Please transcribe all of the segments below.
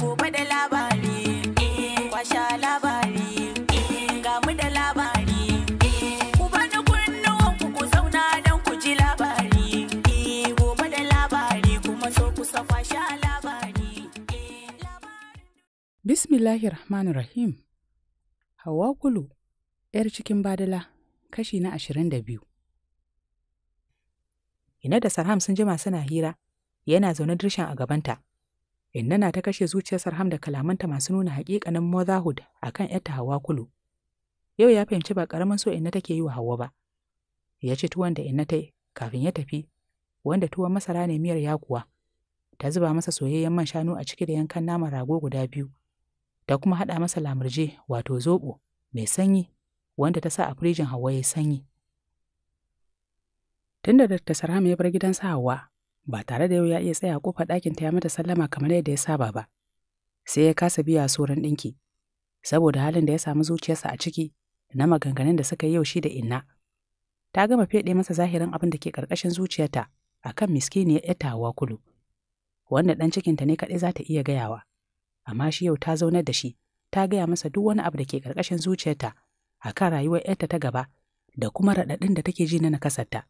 gobe da labari eh, kwasha labari eh, ga mu da labari eh, ku bani kunnuwan ku ku zauna don ku ji labari gobe da labari kuma so ku sa kwasha labari bismillahir rahmanir rahim hawa kulu yar cikin badala kashi na ashirin da biyu ina da sarham sun jima suna hira yana zaune dirshan a gabanta Inna na ta kashe zuciyar Sarham da kalamanta masu nuna haƙiƙanin motherhood a kan ‘yarta Hawa Kulu. Yau ya fahimci ba ƙaramin so Inna take yi wa Hawa ba. Ya ci tuwon da Inna ta yi kafin ya tafi, wanda tuwon masara ne miyar yakuwa. Ta zuba masa soyayyen man shanu a ciki da yankan naman rago guda biyu. Ta kuma haɗa masa lamurje wato zoɓo mai sanyi wanda ta sa a firijin Hawa ya sanyi. Tunda da Sarham ya bar gidan gidansa Hawa, ba tare da yau ya iya tsaya kofa ɗakin ta ya mata sallama kamar yadda ya saba ba. Sai ya kasa biya soran ɗinki, saboda halin da ya samu zuciyarsa a ciki na maganganun da suka yi yau shi da inna. Ta gama feɗe masa zahirin abin da ke ƙarƙashin zuciyarta a kan miskiniyar ‘yar tawa kulu, wanda ɗan cikinta ne kaɗai za ta iya gayawa, amma shi yau ta zaunar da shi, ta gaya masa duk wani abu da ke ƙarƙashin zuciyarta a kan rayuwar ‘yarta ta gaba da kuma raɗaɗin da take ji na nakasarta.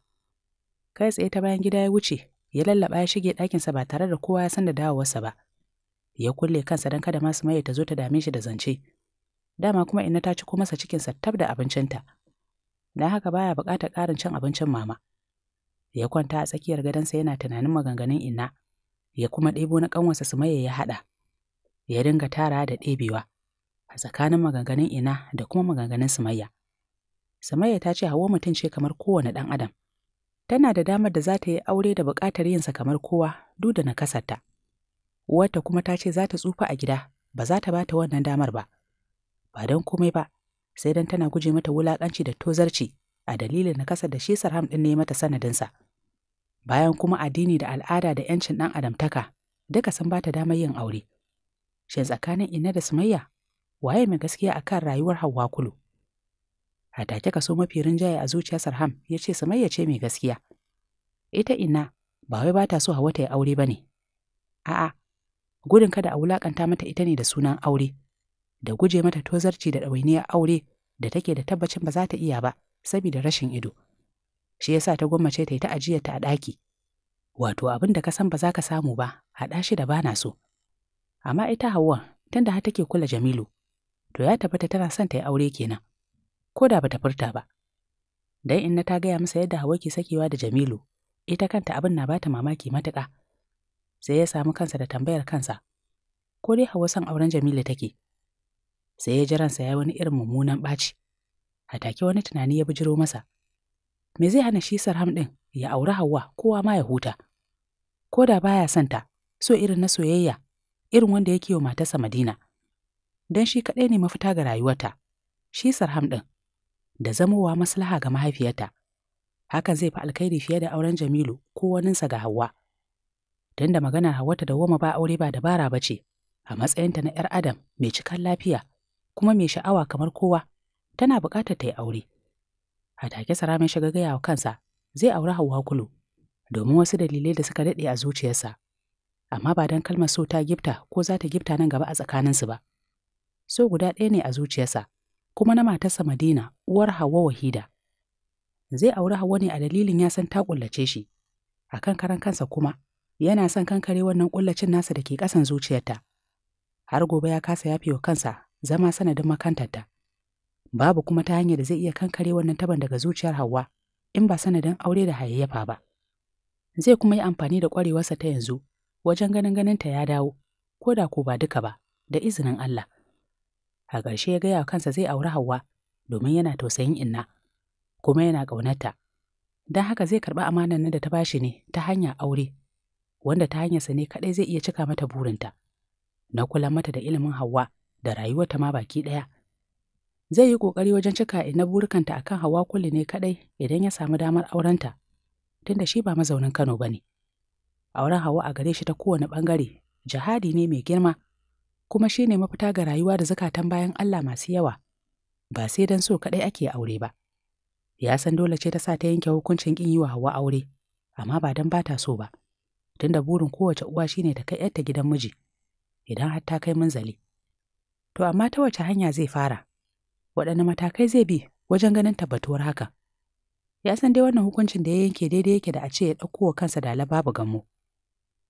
Kai tsaye ta bayan gida ya wuce, ya lallaba ya shige ɗakinsa ba tare da kowa ya san da dawowarsa ba. Ya kulle kansa don kada masu maye ta zo ta dame shi da zance. Dama kuma ina ta ci ko masa cikinsa tab da abincinta. Dan haka baya buƙatar ƙarin cin abincin mama. Ya kwanta a tsakiyar gadonsa yana tunanin maganganun ina. Ya kuma ɗebo na ƙanwarsa su maye ya haɗa. Ya dinga tara da ɗebewa. A tsakanin maganganun ina da kuma maganganun Sumayya. Sumayya ta ce hawo mutum ce kamar kowane ɗan adam. tana da damar da za ta yi aure da buƙatar yinsa kamar kowa duk da nakasarta. Uwarta kuma ta ce za ta tsufa a gida, ba za ta ba ta wannan damar ba. Ba don komai ba, sai don tana guje mata wulaƙanci da tozarci a dalilin nakasar da shi Sarham ɗin ne mata sanadinsa. Bayan kuma addini da al'ada da 'yancin ɗan adamtaka, duka sun ba ta damar yin aure. Shin tsakanin ina da Sumayya, waye mai gaskiya akan rayuwar Hauwa Kulu? a take kaso mafi rinjaye a zuciyar Sarham ya ce sumayya ce mai gaskiya. ita eh, ina ba wai ba ta so Hauwa ta yi aure ba ne. A'a, gudun kada a wulaƙanta mata ita ne da sunan aure, da guje mata tozarci da ɗawainiyar aure da take da tabbacin ba za ta iya ba, saboda rashin ido. Shi yasa ta gwammace ta yi ta ajiyarta a ɗaki. Wato abin da ka san ba za ka samu ba, haɗa shi da bana so. Amma ita Hauwa, tunda har take kula Jamilu, to ya tabbata tana son ta yi aure kenan. Ko da ta furta ba. Dan inna ta gaya masa yadda Hauwa ke sakewa da Jamilu, ita kanta abin na bata mamaki matuƙa. Sai ya samu kansa da tambayar kansa, ko dai hawa son auren Jamilu take. Sai ya ji ransa ya wani irin mummunan ɓaci, a take wani tunani ya bijiro masa. Me zai hana shi Sarham ɗin ya auri Hauwa kowa ma ya huta. Ko da baya son ta, so irin na soyayya, irin wanda yake wa matarsa Madina. Don shi kaɗai ne mafita ga rayuwarta, shi Sarham ɗin, da zamowa maslaha ga mahaifiyarta. hakan zai fi alkhairi fiye da auren Jamilu ko waninsa ga Hauwa. da maganar Hauwa ta dawoma ba aure ba dabara ba ce, a matsayinta na ‘yar Adam mai cikar lafiya, kuma mai sha'awa kamar kowa, tana buƙatar ta yi aure. A take saramin shiga gaya wa kansa, zai auri Hauwa Kulu, domin wasu dalilai da suka daɗe a zuciyarsa. Amma ba don kalmar so ta gifta ko za ta gifta nan gaba a tsakaninsu ba. So guda ɗaya ne a zuciyarsa, kuma na matarsa Madina, uwar Hauwa Wahida. Zai auri Hauwa ne a dalilin ya san ta kullace shi. A kan karan kansa kuma, yana son kankare wannan kullacin nasa da ke ƙasan zuciyarta. Har gobe ya kasa ya wa kansa zama sanadin makantarta. Babu kuma ta hanyar da zai iya kankare wannan taban daga zuciyar Hauwa in ba sanadin aure da hayayyafa ba. Zai kuma yi amfani da ƙwarewarsa ta yanzu wajen ganin ganinta ya dawo, ko da ko ba duka ba, da izinin Allah. A ƙarshe ya gaya kansa zai auri Hauwa domin yana tausayin inna. kuma yana ƙaunarta. Don haka zai karɓi amanar nan da ta bashi ne ta hanya aure, wanda ta hanyarsa ne kaɗai zai iya cika mata burinta. Na kula mata da ilimin Hauwa da rayuwarta ma baki ɗaya. Zai yi ƙoƙari wajen cika ina burikanta akan Hauwa kulli ne kaɗai idan ya samu damar aurenta, tunda shi ba mazaunin Kano ba ne. Auren Hauwa a gare shi ta kowane ɓangare, jihadi ne mai girma, kuma shi ne mafita ga rayuwa da zukatan bayan Allah masu yawa, ba sai don so kaɗai ake aure ba. Ya san dole ce ta sa ta yanke hukuncin ƙin yi wa Hauwa aure, amma ba don ba ta so ba, tunda burin kowace uwa shine ta kai ‘yarta gidan miji, idan har ta kai munzali. To amma ta wace hanya zai fara? Waɗanne matakai zai bi wajen ganin tabbatuwar haka Ya san dai wannan hukuncin da ya yanke daidai yake da a ce ya ɗauko wa kansa dala babu gammo.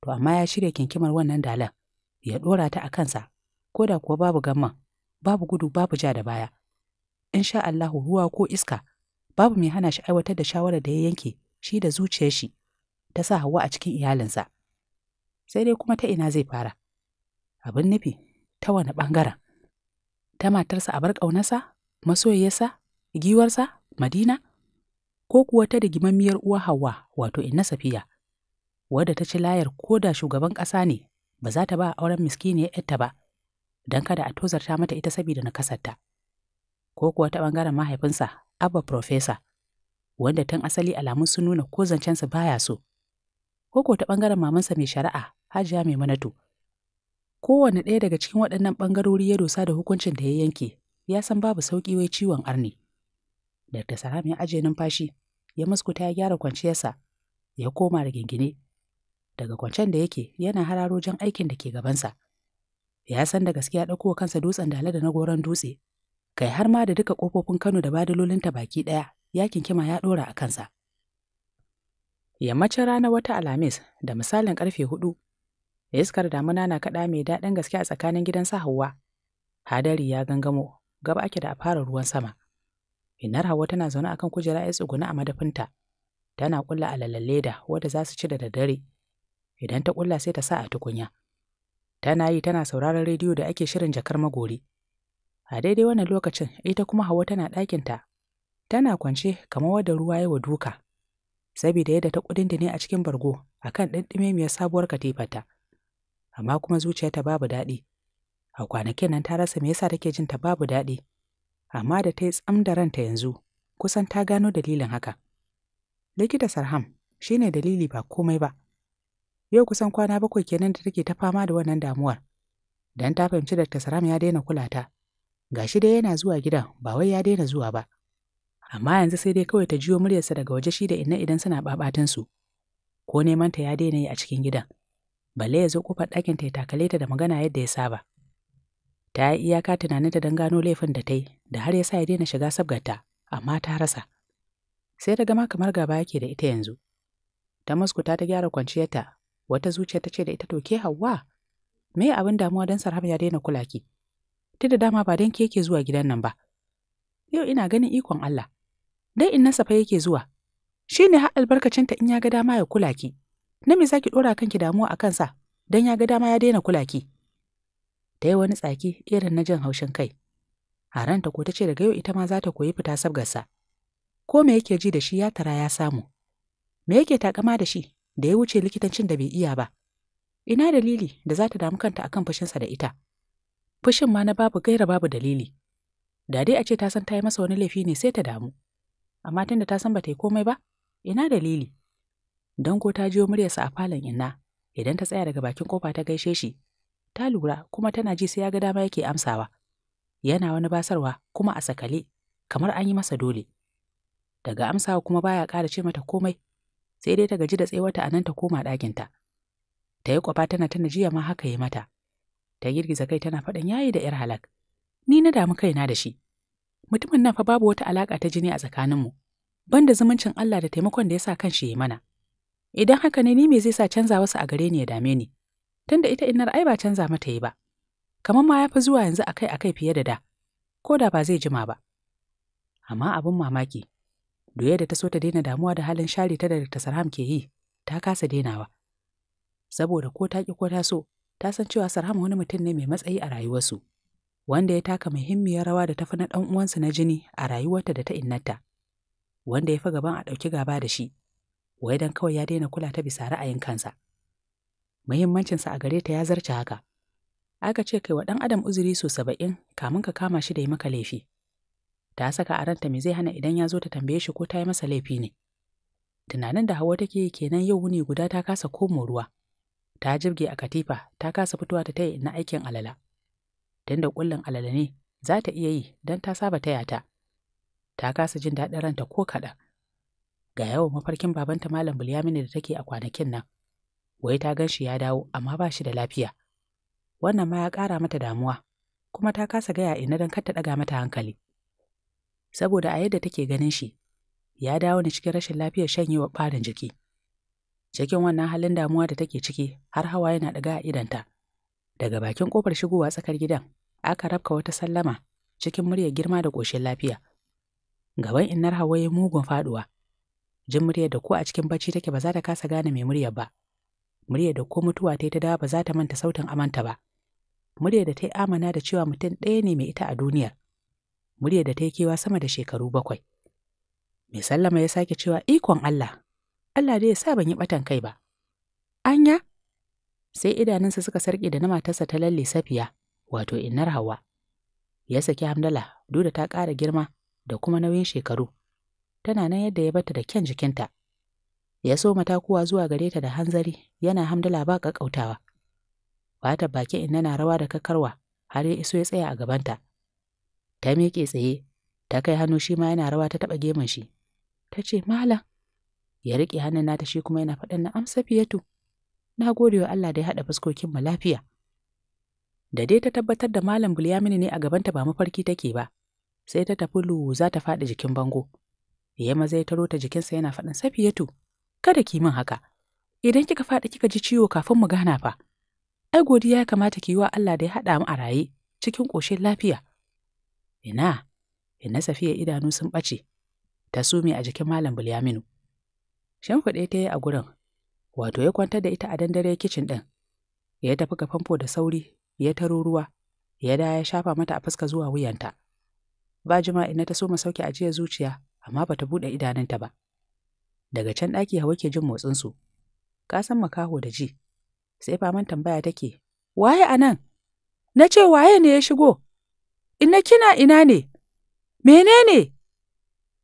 To amma ya shirya kinkimar wannan dalan, ya ɗora ta a kansa, ko da kuwa babu gamman, babu gudu babu ja da baya. In sha Allahu ruwa ko iska, babu mai hana shi aiwatar da shawarar da ya yanke shi da zuciyar shi ta sa Hauwa a cikin iyalinsa. Sai dai kuma ta ina zai fara. Abin nufi ta wani ɓangaren. Ta matarsa a bar ƙaunarsa, masoyiyarsa, giwarsa, Madina, ko kuwa ta digimammiyar uwa Hauwa wato inna Safiya, wadda ta ci layar ko da shugaban ƙasa ne ba za ta ba auren miskiniyar ‘yarta ba, don kada a tozarta mata ita saboda nakasarta. ko kuwa ta ɓangaren mahaifinsa abba profesa wanda tun asali alamun sun nuna ko zancensa baya so ko kuwa ta ɓangaren mamansa mai shari'a hajiya mai manatu kowane ɗaya daga cikin waɗannan ɓangarori ya dosa da hukuncin da ya yanke ya san babu sauƙi wai ciwon arni Dr. Salam ya ajiye numfashi ya muskuta ya gyara kwanciyarsa ya koma da gingine daga kwancen da yake yana hararo jan aikin da ke gabansa ya san da gaskiya ɗauko kansa dutsen dala da na goron dutse kai har ma da duka ƙofofin Kano da badalolinta baki ɗaya yakin kima ya ɗora a kansa. Yammacin rana wata Alhamis da misalin ƙarfe hudu, iskar damuna na kaɗa mai daɗin gaske a tsakanin gidan sa Hauwa. Hadari ya gangamo, gaba ake da a fara ruwan sama. Inar Hauwa tana zaune akan kujera ya tsuguna a madafinta. Tana ƙulla alalan leda wadda za su ci da daddare. Idan ta ƙulla sai ta sa a tukunya. Tana yi tana sauraron rediyo da ake shirin jakar magori. A daidai wannan lokacin ita kuma Hauwa tana ɗakinta. Tana kwance kamar wadda ruwa ya wa duka. Saboda yadda ta ne a cikin bargo a akan ɗanɗimemiyar sabuwar katifarta. Amma kuma ta babu daɗi. A kwanakin nan ta rasa me yasa take jin ta babu daɗi. Amma da ta yi tsam da ranta yanzu, kusan ta gano dalilin haka. Likita Sarham shi ne dalili ba komai ba. Yau kusan kwana bakwai kenan da take ta fama da wannan damuwar. Dan ta fahimci Dr. Sarham ya daina kula ta, Ga shi dai yana zuwa gidan ba wai ya daina zuwa ba amma yanzu sai dai kawai ta jiyo muryarsa daga waje shi da inna idan suna babatin su ko neman ta ya daina yi a cikin gidan balle ya zo kofar ɗakin ta ya takale ta da magana yadda ya saba ta yi iyaka tunaninta don gano laifin da ta yi da har ya sa ya daina shiga sabgarta amma ta rasa sai ta gama kamar gaba yake da ita yanzu ta muskuta ta gyara kwanciyarta wata zuciya ta ce da ita to ke hawa me abin damuwa don sarhab ya daina kulaki da dama ba don ke yake zuwa gidan nan ba. Yau ina ganin ikon Allah, dai in nasa fa yake zuwa, shi ne har albarkacinta in ya ga dama ya kula ki, na me za ki ɗora kanki damuwa a kansa don ya ga dama ya daina kula ki. Ta yi wani tsaki irin na jin haushin kai. Haranta ko ta ce daga yau ita ma za ta koyi fita sabgarsa. Ko me yake ji da shi ya tara ya samu. Me yake takama da shi da ya wuce likitancin da bai iya ba. Ina dalili da za ta damu kanta akan fushinsa da ita. fushin ma na babu gaira babu dalili. Da dai a ce ta san ta yi masa wani laifi ne sai ta damu, amma tunda ta san ba ta yi komai ba, ina dalili. Don ko ta jiyo muryarsa a falon inna, idan ta tsaya daga bakin kofa ta gaishe shi, ta lura kuma tana ji sai ya ga dama yake amsawa. Yana wani basarwa kuma a sakale, kamar an yi masa dole. Daga amsawa kuma baya ƙara ce mata komai, sai dai ta gaji da tsewata a nan ta koma ɗakinta. Ta yi kwafa tana tana jiya ma haka yi mata. ta girgiza kai tana faɗin yayi da ‘yar halak. Ni na damu kaina da shi. Mutumin nan fa babu wata alaƙa ta jini a tsakaninmu, banda zumuncin Allah da taimakon da ya sa kan shi ya mana. Idan haka ne ni me zai sa canza wasu a gare ni ya dame ni, tunda ita innar ai ba canza mata yi ba. Kamar ma ya fi zuwa yanzu akai akai fiye da da, ko da ba zai jima ba. Amma abin mamaki, doya da ta so ta daina damuwa da halin share ta da Dr. Sarham ke yi, ta kasa dainawa. Saboda ko ta ki ko ta so, ta san cewa sarham wani mutum ne mai matsayi a rayuwarsu, wanda ya taka muhimmiyar rawa da ta fi na ɗan uwansu na jini a rayuwarta da ta innata, wanda ya fi gaban a ɗauki gaba da shi, wai dan kawai ya daina kula ta bisa ra'ayin kansa. Muhimmancinsa a gare ta ya zarce haka. Aka ce kai wa ɗan adam uzuri so saba'in kamin ka kama shi da yi maka laifi. Ta saka a ranta me zai hana idan ya zo ta tambaye shi ko ta yi masa laifi ne. Tunanin da Hauwa take yi kenan yau wuni guda ta kasa komo ruwa. ta jirge a katifa ta kasa fitowa ta taya na aikin alala tunda ƙullin alala ne za ta iya yi don ta saba taya ta ta kasa jin daɗin ranta ko kaɗan ga yawan mafarkin babanta malam bulyamini da take a kwanakin nan wai ta gan shi ya dawo amma ba shi da lafiya wannan ma ya ƙara mata damuwa kuma ta kasa gaya ina don kar ta ɗaga mata hankali saboda a yadda take ganin shi ya dawo ne cikin rashin lafiyar shanyewa ɓarin jiki Cikin wannan halin damuwa da take ciki, har hawa yana ɗaga a idanta. Daga bakin ƙofar shigowa tsakar gidan, aka rabka wata sallama cikin muryar girma da ƙoshin lafiya. Gaban innar Hawa ya mugun faɗuwa. Jin muryar da ko a cikin bacci take ba za ta kasa gane mai muryar ba. Muryar da ko mutuwa ta yi ta dawa ba za ta manta sautin amanta ba. Muryar da ta yi amana da cewa mutum ɗaya ne mai ita a duniyar. Muryar da ta yi kewa sama da shekaru bakwai. Mai sallama ya sake cewa ikon Allah Allah dai ya sa ban yi ɓatan kai ba. Anya? Sai idanunsa suka sarƙe da na matarsa ta lalle safiya, wato innar hawa. Ya saki hamdala, duda ta ƙara girma da kuma nauyin shekaru. Tana nan yadda ya bata da kyan jikinta. Ya so matakuwa zuwa gare ta da hanzari, yana hamdala ba ƙaƙƙautawa. Fata baki inna na rawa da kakarwa, har ya iso ya tsaya a gabanta. Ta miƙe tsaye, ta kai hannu shi ma yana rawa ta taɓa gemun shi. Ta ce, Malam, ya riƙe hannun nata shi kuma yana faɗan na amsa fiyatu na gode wa Allah da ya haɗa fuskokinmu lafiya da dai ta tabbatar da malam Bulyamini ne a gabanta ba mafarki take ba sai ta tafi lu za ta faɗi jikin bango ya maza ya taro ta jikinsa yana faɗin safiyatu kada ki min haka idan kika faɗi kika ji ciwo kafin mu gana fa ai godiya ya kamata ki yi wa Allah da ya haɗa mu a raye cikin ƙoshin lafiya ina ina safiya idanu sun ɓace ta sume a jikin malam Bulyaminu Shimfiɗe ta yi a gurin, wato ya kwantar da ita a dandare kicin ɗin. Ya tafi ga famfo da sauri, ya taro ruwa, ya da ya shafa mata a fuska zuwa wuyanta. Ba na ta so ma sauke ajiya zuciya, amma bata buɗe idanunta ba. Daga can ɗaki hawa ke jin motsin motsinsu. san makaho da ji. Sai faman tambaya take, waye a nan? Na ce waye ne ya shigo? Ina kina ina ne? Menene?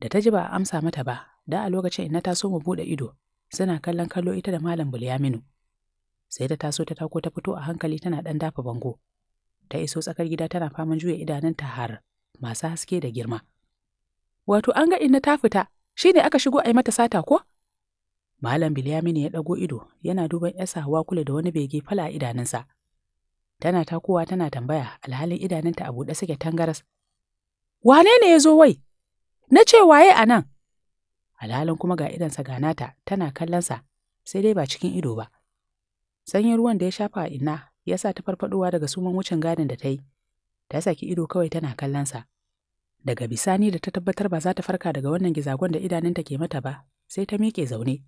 Da ta ji ba a amsa mata ba, da a lokacin inna taso mu buɗe ido suna kallon kallo ita da malam Bulyaminu. Sai ta taso ta tako ta fito a hankali tana ɗan dafa bango. Ta iso tsakar gida tana faman juya idanunta har masu haske da girma. Wato an ga inna ta fita, shi ne aka shigo a yi mata sata ko? Malam Bilyaminu ya ɗago ido yana duban ‘yasa hawa kula da wani bege fala a idanunsa. Tana takowa tana tambaya alhalin idanunta a buɗe suke tangaras. Wane ne ya zo wai? Na ce waye a nan? alhalin kuma ga idansa ga nata tana kallonsa sai dai ba cikin ido ba sanyin ruwan da ya shafa a ina ya sa ta farfadowa daga suman wucin gadin da ta yi ta saki ido kawai tana kallonsa daga bisani da ta tabbatar ba za ta farka daga wannan gizagon da idanunta ke mata ba sai ta miƙe zaune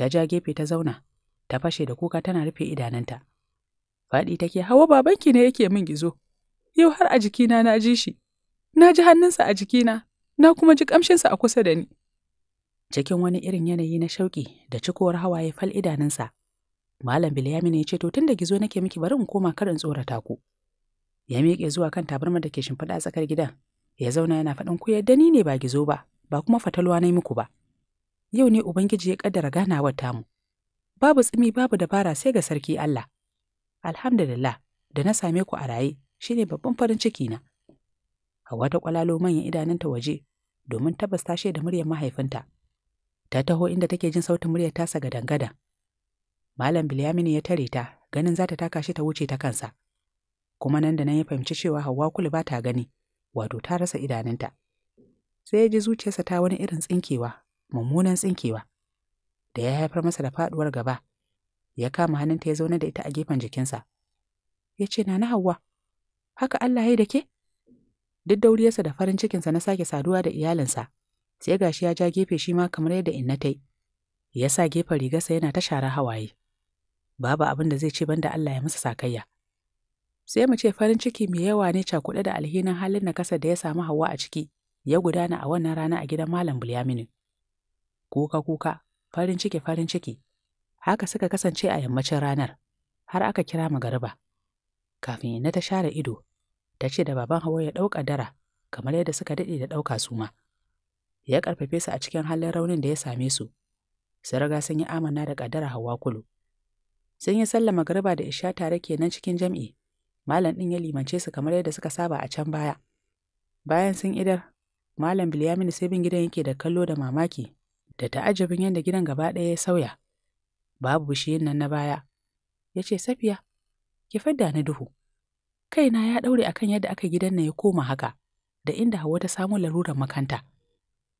ta ja gefe ta zauna ta fashe da kuka tana rufe idanunta faɗi take hawa babanki ne yake min gizo yau har a jikina na ji shi na ji hannunsa a jikina na kuma ji ƙamshinsa a kusa da ni cikin wani irin yanayi na shauƙi da cikowar hawaye fal idanunsa. Malam Bilyamin ya ce, To tun da gizo nake miki bari in koma karin tsorata ku. Ya miƙe zuwa kan tabarmar da ke shimfiɗa a tsakar gidan, ya zauna yana faɗin ku yadda ni ne ba gizo ba, ba kuma fatalwa na muku ba. Yau ne Ubangiji ya ƙaddara ganawar tamu. Babu tsimi babu dabara sai ga sarki Allah. Alhamdulillah, da na same ku a raye, shine babban farin ciki na. Hauwa ta kwalalo manyan idanunta waje, domin tabbas ta shaida muryar mahaifinta. ta taho inda take jin sautin muryar tasa ga dangada. Malam Bilyamini ya tare ta, ganin za ta taka shi ta wuce ta kansa. Kuma nan da nan ya fahimci cewa Hauwa kulu ba ta gani, wato ta rasa idanunta. Sai ya ji zuciyarsa ta wani irin tsinkewa, mummunan tsinkewa. Da ya haifar masa da faduwar gaba, ya kama hannunta ya zauna da ita a gefen jikinsa. Ya ce, Nana Hauwa, haka Allah ya da ke? Duk dauriyarsa da farin cikinsa na sake saduwa da iyalinsa, sai gashi ya ja gefe shi ma kamar yadda inna ta yi ya sa gefen rigarsa yana ta shara hawaye babu abin da zai ce banda Allah ya masa sakayya sai mu ce farin ciki mai yawa ne cakuɗe da alhinin halin na kasa da ya samu hawa a ciki ya gudana a wannan rana a gidan malam Bulyamini. kuka kuka farin ciki farin ciki haka suka kasance a yammacin ranar har aka kira magariba kafin inna ta share ido ta ce da baban hawa ya ɗauka dara kamar yadda suka daɗe da ɗauka su ma. ya karfafe su a cikin halin raunin da ya same su Su Raga sun yi amana da ƙadara hawa kulu sun yi sallah magariba da isha tare kenan cikin jam'i malam ɗin ya limance su kamar yadda suka saba a can baya bayan sun idar malam bilyamin sai bin gidan yake da kallo da mamaki da ta'ajabin yadda gidan gaba ɗaya ya sauya babu yin nan na baya ya ce safiya ki fadda ni duhu kaina ya ɗaure akan yadda aka gidan na ya koma haka da inda hawa ta samu larurar makanta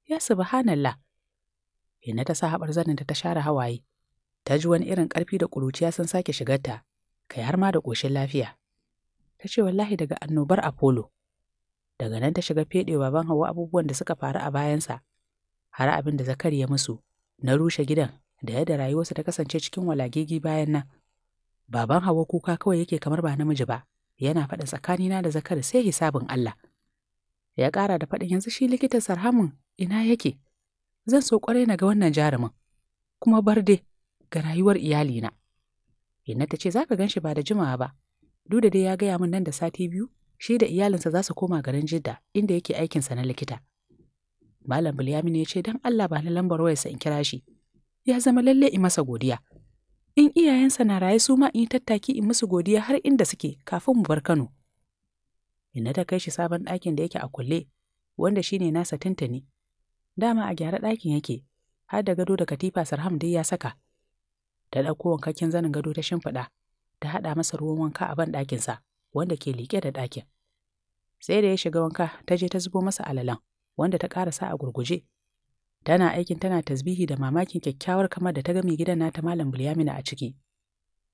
ya subhanallah Inna ta sa haɓar zaninta ta share hawaye, ta ji wani irin ƙarfi da kuruciya sun sake shigarta, kai har ma da ƙoshin lafiya. Ta ce wallahi daga annobar Apollo. Daga nan ta shiga feɗewa ban hawa abubuwan da suka faru a bayansa, har abin da zakari ya musu, na rushe gidan da yadda rayuwarsa ta kasance cikin walagigi bayan nan. Baban hawa kuka kawai yake kamar ba namiji ba, yana faɗin tsakanina da zakari sai hisabin Allah. Ya ƙara da faɗin yanzu shi likitan sarhamun ina yake zan so kwarai na ga wannan jarumin kuma bar dai ga rayuwar iyalina inna ta ce zaka ka gan shi ba da jimawa ba duk da dai ya gaya min nan da sati biyu shi da iyalinsa za su koma garin jidda inda yake sa na likita malam bilyamin ya ce dan allah ba na lambar wayarsa in kira shi ya zama lalle in masa godiya in iyayensa na raye su ma in yi tattaki in musu godiya har inda suke kafin mu bar kano inna ta kai shi sabon ɗakin da yake a kulle wanda shine nasa tuntuni dama a gyara ɗakin yake har da gado da katifa sarham dai ya saka ta ɗauko wankakken zanin gado ta shimfiɗa ta haɗa masa ruwan wanka a ban ɗakinsa wanda ke liƙe da ɗakin sai da ya shiga wanka ta je ta zubo masa alalan wanda ta ƙarasa a gurguje tana aikin tana tasbihi da mamakin kyakkyawar kamar da ta ga mai gidan nata malam Bulyamina a ciki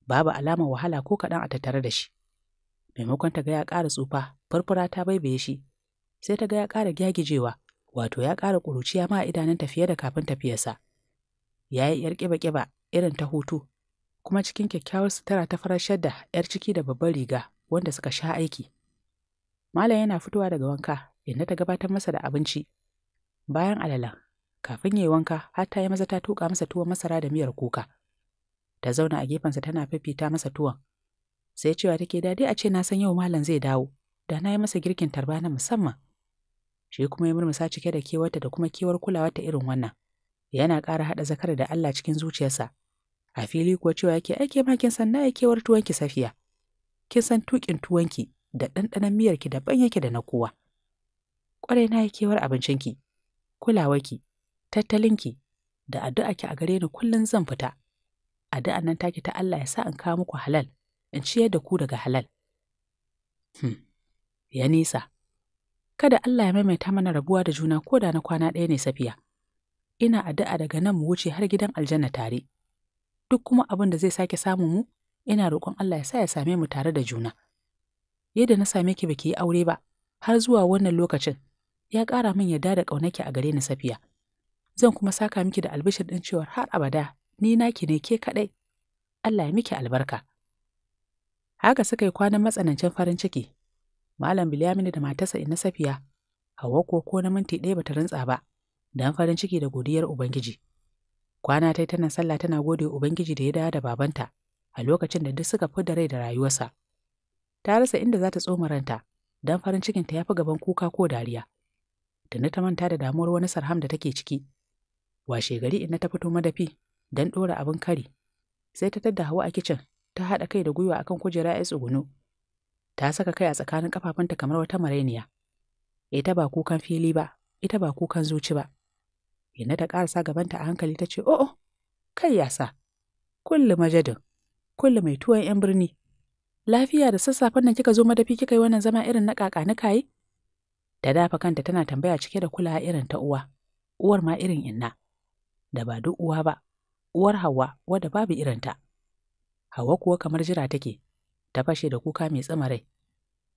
babu alamar wahala ko kaɗan a tattare da shi maimakon ta ga ya ƙara tsufa furfura ta baibaye shi sai ta ga ya ƙara gyagijewa wato ya ƙara ƙuruciya ma a idanun fiye da kafin tafiyarsa. Ya yi ‘yar ƙiba-ƙiba irin ta hutu, kuma cikin kyakkyawar sutura ta farashar da ‘yar ciki da babbar riga wanda suka sha aiki. Malam yana fitowa daga wanka inda ta gabatar masa da abinci. Bayan alala, kafin ya yi wanka hatta ya maza ta tuƙa masa tuwon masara da miyar kuka. Ta zauna a gefensa tana fifita masa tuwon. Sai cewa take dadi a ce na san yau malam zai dawo, da na yi masa girkin tarba na musamman. shi kuma ya murmusa cike da kewarta da kuma kewar kulawa ta irin wannan yana ƙara haɗa zakar da Allah cikin zuciyarsa a fili kuwa cewa yake aike ma kin san na kewar tuwanki safiya kin san tukin tuwanki da ɗanɗanon miyarki daban yake da na kowa ƙwarai na kewar abincinki kulawarki tattalinki da addu'a ki a gare ni kullum zan fita addu'a nan take ta Allah ya sa in kawo muku halal in ciyar da ku daga halal hmm. ya nisa kada Allah ya maimaita mana rabuwa da juna ko da na kwana ɗaya ne safiya. Ina addu'a daga nan mu wuce har gidan aljanna tare. Duk kuma abin da zai sake samu mu, ina roƙon Allah ya sa ya same mu tare da juna. Yadda na same ki baki yi aure ba, har zuwa wannan lokacin, ya ƙara min yarda da ƙaunaki a gare ni safiya. Zan kuma saka miki da albishir ɗin cewar har abada, ni naki ne ke kaɗai. Allah ya miki albarka. Haka suka yi kwanan matsanancin farin ciki, Malam Bilyaminu da matarsa Inna Safiya, Hauwa ko ko na minti ɗaya bata rantsa ba, dan farin ciki da godiyar Ubangiji. Kwana tai tana sallah tana gode Ubangiji da ya dawo da babanta a lokacin da duk suka fi da rai da rayuwarsa. Ta rasa inda za ta tsoma ranta, dan farin cikin ta ya fi gaban kuka ko dariya. Tana ta manta da damuwar wani sarham da take ciki. Washe gari Inna ta fito madafi dan ɗora abin kari. Sai ta tadda hawa a kicin ta haɗa kai da gwiwa akan kujera ya tsugunu. ta saka kai a tsakanin kafafunta kamar wata marainiya. Ita ba kukan fili ba, ita ba kukan zuci ba. Inna ta ƙarasa gabanta a hankali ta ce, "O'o, oh, oh, kai yasa, kulli majadin, kulli mai tuwon 'yan birni, lafiya da sassafen nan kika zo madafi kika yi wannan zama irin na kaka na kayi?" Ta dafa kanta tana tambaya cike da kulawa irin ta uwa, uwar ma irin inna, da ba duk uwa ba, uwar Hauwa wadda babu irin ta. Hauwa kuwa kamar jira take, ta fashe da kuka mai tsama rai.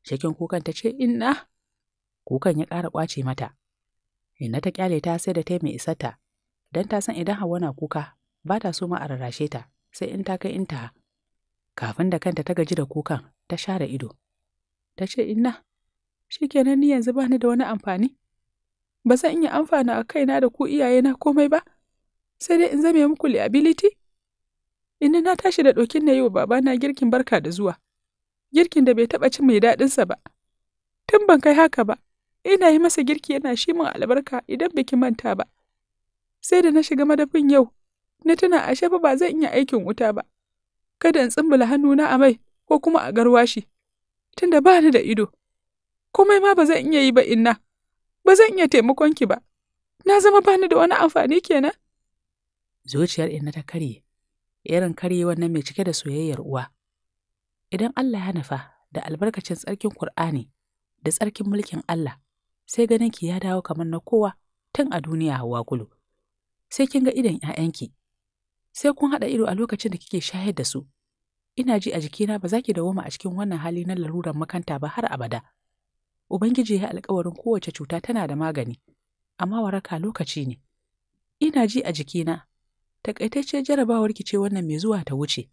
Cikin kukan ta ce, Inna! Kukan ya ƙara ƙwace mata. Inna ta ƙyale ta sai da ta mai isarta, don ta san idan hawa na kuka, ba ta so ma a rarrashe ta, sai in ta kai ta. Kafin da kanta ta gaji da kukan, ta share ido. Ta ce, Inna, shi kenan ni yanzu ba ni da wani amfani? Ba zan iya amfana a kaina da ku iyayena komai ba, sai dai in zame muku liability? Inna na tashi da ɗokin na yi wa babana girkin barka da zuwa. girkin da bai taɓa cin mai daɗinsa ba. Tun ban kai haka ba, ina yi masa girki yana shi min albarka idan biki manta ba. Sai da na shiga madafin yau, na tuna a shafa ba zan iya aikin wuta ba. Kada in hannu hannuna a mai ko kuma a garwashi, tunda ba ni da ido. Komai ma ba zan iya yi ba inna, ba zan iya taimakon ki ba. Na zama ba ni da wani amfani kenan. Zuciyar inna ta karye, irin karyewar nan mai cike da soyayyar uwa. Idan Allah ya nufa da albarkacin tsarkin Kur'ani da tsarkin mulkin Allah, sai ganin ki ya dawo kamar na kowa tun a duniya hawa kulu. Sai kin ga idon ‘ya'yanki, sai kun haɗa ido a lokacin da kike shayar da su. Ina ji a jikina ba za ki dawoma a cikin wannan hali na laruran makanta ba har abada. Ubangiji ya alkawarin kowace cuta tana da magani, amma waraka lokaci ne. Ina ji a jikina, takaitacciyar jarabawar ki ce wannan mai zuwa ta wuce.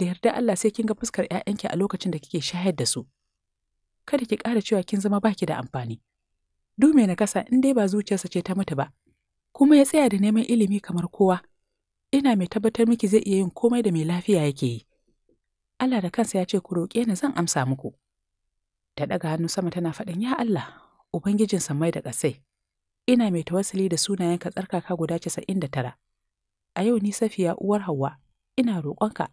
da yarda Allah sai kin ga fuskar ‘ya'yanki a lokacin da kike shayar da su. Kada ki ƙara cewa kin zama baki da amfani. Dume na nakasa in dai ba zuciyarsa ce ta mutu ba, kuma ya tsaya da neman ilimi kamar kowa, ina mai tabbatar miki zai iya yin komai da mai lafiya yake yi. Allah da kansa ya ce ku roƙe ni zan amsa muku. Ta ɗaga hannu sama tana faɗin ya Allah, Ubangijin mai da ƙasai. Ina mai tawassuli da sunayenka tsarkaka guda casa'in da tara. A yau ni Safiya uwar Hauwa, ina roƙonka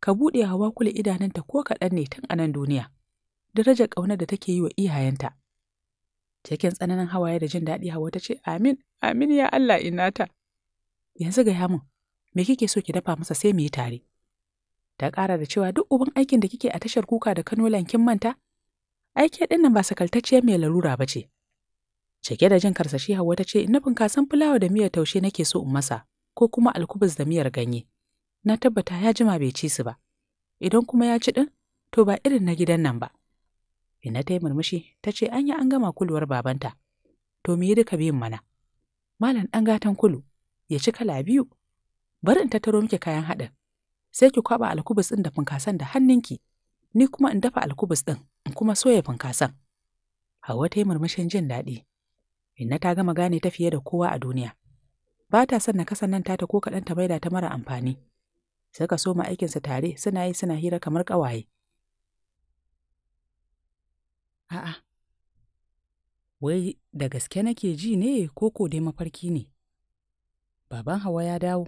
ka buɗe hawa kula idanunta ko kaɗan ne tun a nan duniya Daraja ƙaunar da take yi wa iyayenta cikin tsananin hawaye da jin daɗi hawa ta ce amin amin ya Allah inata yanzu ga yamin me kike so ki dafa masa sai mu yi tare ta ƙara da cewa duk uban aikin da kike a tashar kuka da kanolan kin manta aiki ɗin nan ba sakaltacciyar mai larura ba ce cike da jin karsashi hawa ta ce ina bunkasan fulawa da miyar taushe nake so in masa ko kuma alkubus da miyar ganye na tabbata ya jima bai ci su ba. Idan kuma ya ci ɗin, to ba irin na gidan nan ba. Inna ta yi murmushi ta ce an yi an gama kuluwar babanta, to mu yi duka biyun mana. Malam ɗan gatan kulu, ya ci kala biyu. Bari in tattaro miki kayan haɗin, sai ki kwaɓa alkubus ɗin da funkasan da hannunki, ni kuma in dafa alkubus ɗin in kuma soya funkasan. Hauwa ta yi murmushin jin daɗi. Inna ta gama gane ta fiye da kowa a duniya. Ba ta son na kasan nan ta ta ko kaɗan ta da ta mara amfani. suka soma aikinsa tare suna yi suna hira kamar ƙawaye. A'a, wai da gaske nake ji ne ko ko dai mafarki ne? Baban Hawa ya dawo.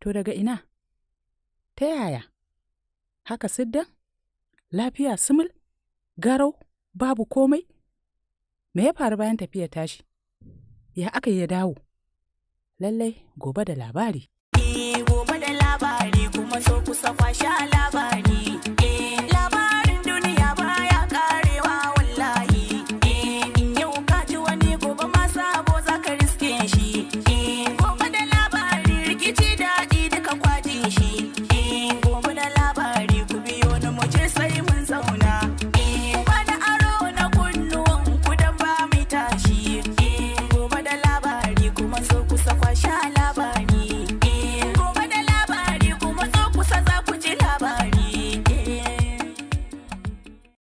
To daga ina? Ta yaya? Haka siddan? Lafiya Simul, Garau? Babu komai? Me ya faru bayan tafiya tashi? Ya aka ya dawo? Lallai gobe da labari. labari kuma so kusa kwashe alaba.